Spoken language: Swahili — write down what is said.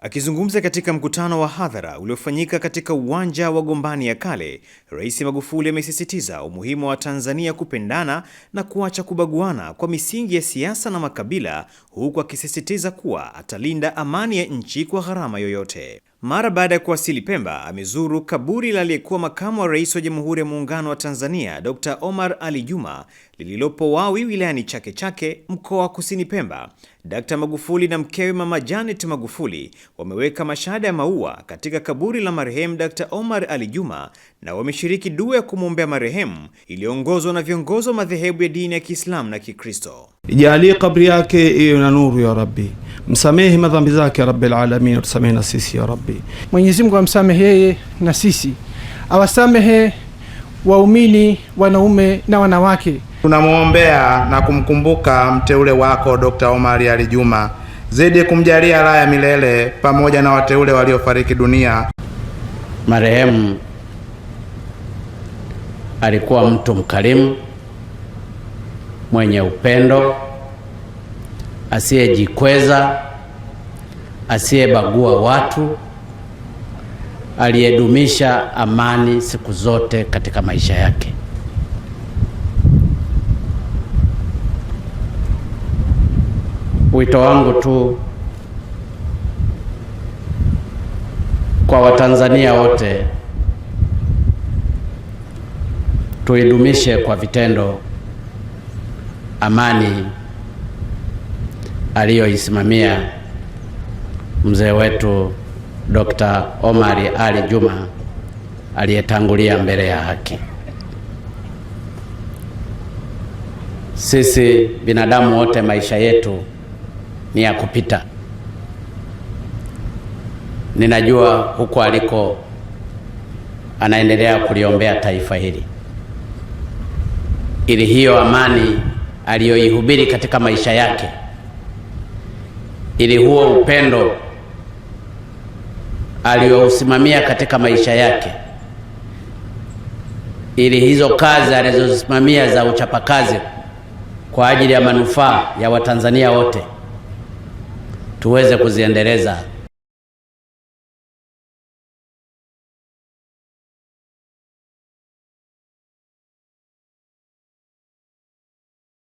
Akizungumza katika mkutano wa hadhara uliofanyika katika uwanja wa Gombani ya Kale, Rais Magufuli amesisitiza umuhimu wa Tanzania kupendana na kuacha kubaguana kwa misingi ya siasa na makabila, huku akisisitiza kuwa atalinda amani ya nchi kwa gharama yoyote. Mara baada ya kuwasili Pemba, amezuru kaburi la aliyekuwa makamu wa rais wa Jamhuri ya Muungano wa Tanzania Dr. Omar Ali Juma lililopo Wawi wilayani Chake Chake mkoa wa Kusini Pemba. Dr. Magufuli na mkewe Mama Janet Magufuli wameweka mashada ya maua katika kaburi la marehemu Dr. Omar Ali Juma na wameshiriki dua ya kumwombea marehemu iliyoongozwa na viongozi wa madhehebu ya dini ya Kiislamu na Kikristo. ijalie kabri yake iwe na nuru ya Rabbi msamehe madhambi zake rabbil alamin, tusamehe na sisi ya Rabbi. Mwenyezi Mungu amsamehe yeye na sisi, awasamehe waumini wanaume na wanawake. Tunamwombea na kumkumbuka mteule wako Dr. Omari Ali Juma, zidi kumjalia raha ya milele pamoja na wateule waliofariki dunia. Marehemu alikuwa mtu mkarimu mwenye upendo asiyejikweza, asiyebagua watu, aliyedumisha amani siku zote katika maisha yake. Wito wangu tu kwa Watanzania wote tuidumishe kwa vitendo amani aliyoisimamia mzee wetu Dr. Omari Ali Juma aliyetangulia mbele ya haki. Sisi binadamu wote maisha yetu ni ya kupita. Ninajua huko aliko anaendelea kuliombea taifa hili ili hiyo amani aliyoihubiri katika maisha yake ili huo upendo aliyousimamia katika maisha yake, ili hizo kazi alizozisimamia za uchapakazi kwa ajili ya manufaa ya Watanzania wote tuweze kuziendeleza.